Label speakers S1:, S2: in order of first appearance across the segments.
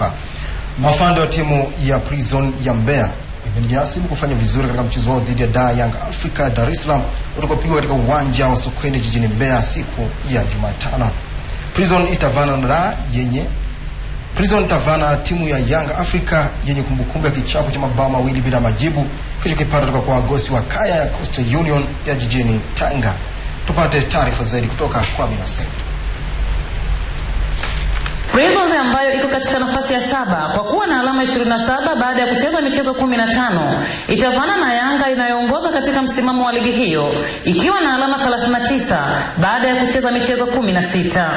S1: taifa. Mafando ya timu ya Prison ya Mbeya imenasibu kufanya vizuri katika mchezo wao dhidi ya Da Young Africa Dar es Salaam utakopigwa katika uwanja wa Sokoine jijini Mbeya siku ya Jumatano. Prison itavana na yenye Prison itavana timu ya Young Africa yenye kumbukumbu ya kichapo cha mabao mawili bila majibu kilichokipata kutoka kwa wagosi wa Kaya ya Coastal Union ya jijini Tanga. Tupate taarifa zaidi kutoka kwa Binasek.
S2: katika nafasi ya saba kwa kuwa na alama 27 baada ya kucheza michezo 15 itavana na Yanga inayoongoza katika msimamo wa ligi hiyo ikiwa na alama 39 baada ya kucheza michezo 16.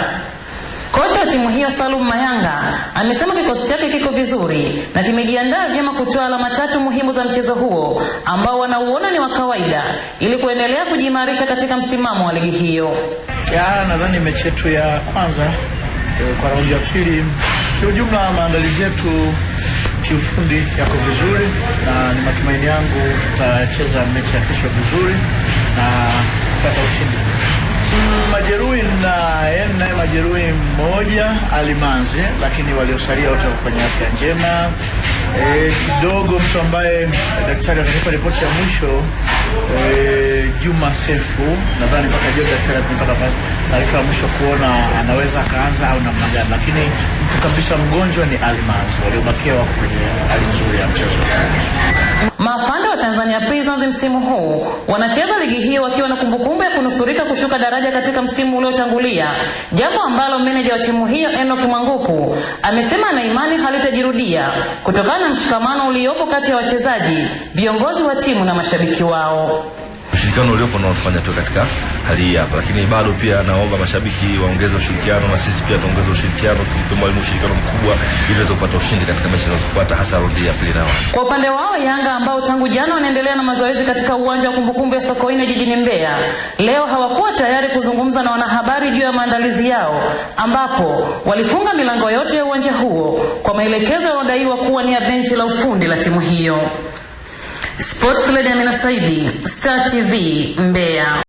S2: Kocha wa timu hiyo Salum Mayanga amesema kikosi chake kiko vizuri na kimejiandaa vyema kutoa alama tatu muhimu za mchezo huo ambao wanauona ni wa kawaida ili kuendelea kujiimarisha katika msimamo wa ligi hiyo.
S3: Nadhani mechi yetu ya kwanza eh, kwa raundi ya pili Kiujumla, maandalizi yetu kiufundi yako vizuri na ni matumaini yangu tutacheza mechi ya kesho vizuri na kupata ushindi. Majeruhi naye majeruhi mmoja alimanzi, lakini waliosalia wote kwenye afya njema. E, kidogo mtu ambaye daktari akanipa ripoti ya mwisho Eh, Juma Sefu nadhani mpaka daktari tumepata taarifa ya mwisho kuona anaweza akaanza au namna gani, lakini mtu kabisa mgonjwa ni Almas, waliobakia wako kwenye hali nzuri ya mchezo.
S2: Tanzania Prisons msimu huu wanacheza ligi hiyo wakiwa na kumbukumbu ya kunusurika kushuka daraja katika msimu uliotangulia, jambo ambalo meneja wa timu hiyo enoki Mwanguku amesema ana imani halitajirudia kutokana na mshikamano uliopo kati ya wachezaji, viongozi wa timu na mashabiki wao
S4: ushirikiano uliopo unaofanya tu katika hali hii hapa, lakini bado pia naomba mashabiki waongeze ushirikiano na sisi pia tuongeze ushirikiano, tupe mwalimu ushirikiano mkubwa ili tuweze kupata ushindi katika mechi zinazofuata, hasa raundi ya pili. Nao
S2: kwa upande wao Yanga ambao tangu jana wanaendelea na mazoezi katika uwanja wa kumbukumbu ya Sokoine jijini Mbeya, leo hawakuwa tayari kuzungumza na wanahabari juu ya maandalizi yao, ambapo walifunga milango yote ya uwanja huo kwa maelekezo yanayodaiwa kuwa ni ya benchi la ufundi la timu hiyo
S5: sports Sportsmed Amina Saidi, Star TV Mbeya.